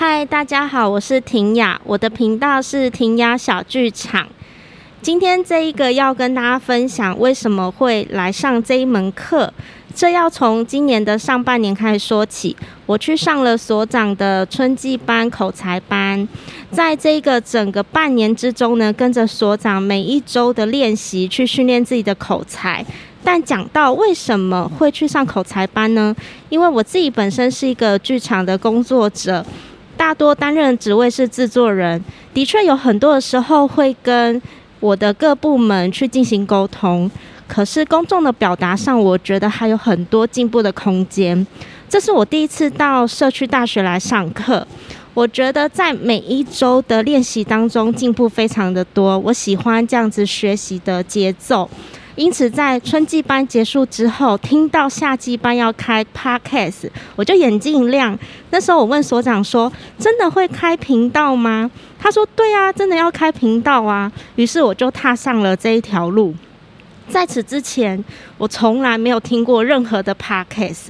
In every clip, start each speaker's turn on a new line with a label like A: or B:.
A: 嗨，Hi, 大家好，我是庭雅，我的頻道是庭雅小劇場。今天這一個要跟大家分享為什麼會來上這一門課，這要從今年的上半年開始說起。我去上了所長的春季班、口才班，在這個整個半年之中呢，跟着所長每一周的練習去訓練自己的口才。但講到為什麼會去上口才班呢？因為我自己本身是一個劇場的工作者。大多擔任職位是制作人，的確有很多的時候會跟我的各部門去進行溝通。可是公眾的表達上，我覺得還有很多進步的空間。這是我第一次到社區大學來上課，我覺得在每一周的練習當中進步非常的多。我喜歡這樣子學習的節奏。因此，在春季班結束之後，聽到夏季班要開 Podcast，我就眼睛一亮。那時候我問所長說：“真的會開頻道嗎？”他說：“對啊，真的要開頻道啊。”於是我就踏上了這一條路。在此之前，我從來沒有聽過任何的 Podcast，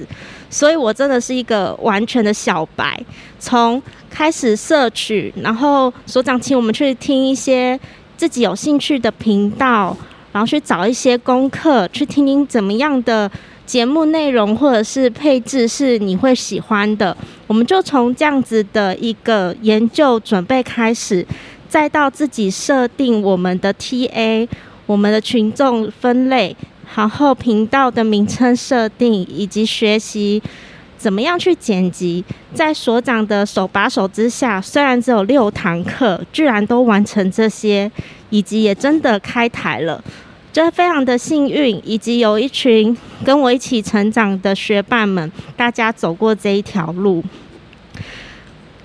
A: 所以我真的是一個完全的小白。從開始攝取，然後所長請我們去聽一些自己有興趣的頻道。然後去找一些功課，去聽聽怎麼樣的節目內容或者是配置是你會喜歡的。我們就從這樣子的一個研究準備開始，再到自己設定我們的 TA、我們的群眾分類，然後頻道的名稱設定以及學習怎麼樣去剪輯？在所長的手把手之下，雖然只有六堂課，居然都完成這些，以及也真的開台了，真的非常的幸運，以及有一群跟我一起成長的學伴們，大家走過這一條路。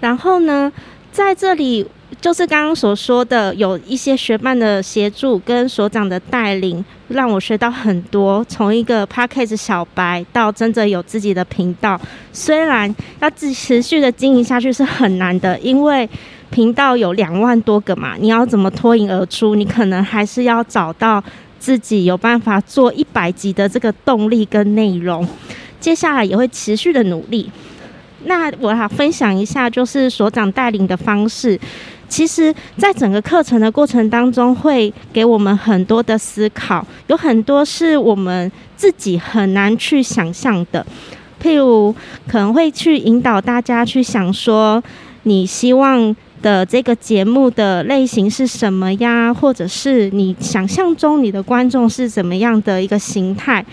A: 然後呢，在這裡。就是剛剛所說的，有一些學伴的協助跟所長的帶領，讓我學到很多。從一個 Podcast 小白到真正有自己的頻道，雖然要持持續的經營下去是很難的，因為頻道有兩萬多個嘛，你要怎麼脫穎而出？你可能還是要找到自己有辦法做一百集的這個動力跟內容。接下來也會持續的努力。那我來分享一下，就是所長帶領的方式。其實，在整個課程的過程當中，會給我們很多的思考，有很多是我們自己很難去想象的。譬如，可能會去引導大家去想說，你希望的這個節目的類型是什麼呀？或者是你想象中你的觀眾是怎麼樣的一個形態？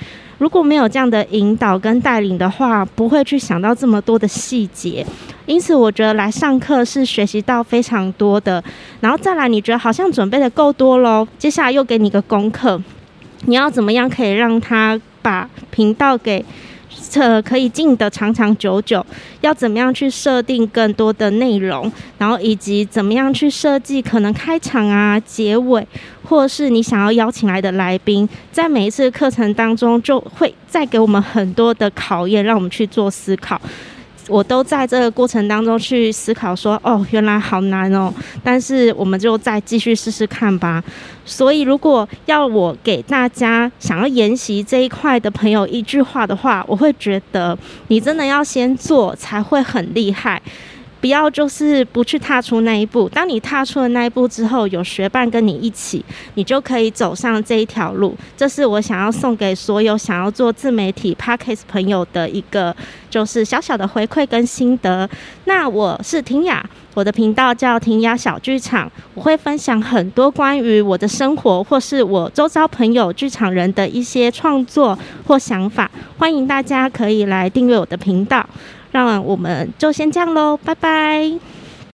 A: 如果沒有這樣的引導跟帶領的話，不會去想到這麼多的細節。因此，我覺得來上課是學習到非常多的。然後再來，你覺得好像準備的夠多嘍？接下來又給你一個功課，你要怎麼樣可以讓他把頻道給？這可以進得長長久久，要怎麼樣去設定更多的內容，然後以及怎麼樣去設計可能開場啊、結尾，或是你想要邀請來的來賓，在每一次課程當中就會再給我們很多的考驗，讓我們去做思考。我都在這個過程當中去思考說，說哦，原來好難哦，但是我們就再繼續試試看吧。所以，如果要我給大家想要研習這一塊的朋友一句話的話，我會覺得你真的要先做才會很厲害。不要就是不去踏出那一步。當你踏出了那一步之後，有學伴跟你一起，你就可以走上這一條路。這是我想要送給所有想要做自媒體 Podcast 朋友的一個，就是小小的回饋跟心得。那我是庭雅，我的頻道叫庭雅小聚場，我會分享很多關於我的生活或是我周遭朋友、劇場人的一些創作或想法。歡迎大家可以來訂閱我的頻道。讓我們就先這樣嘍，拜拜。